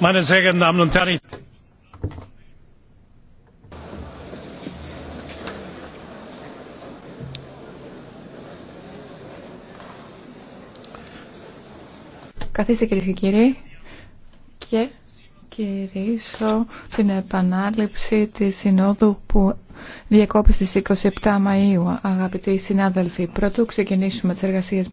meine sehr geehrten damen und herren! Καθίστε κυρίε και κύριοι και κηρύσω την επανάληψη της συνόδου που διακόπησε στις 27 Μαΐου. Αγαπητοί συνάδελφοι, πρωτού ξεκινήσουμε τις εργασίες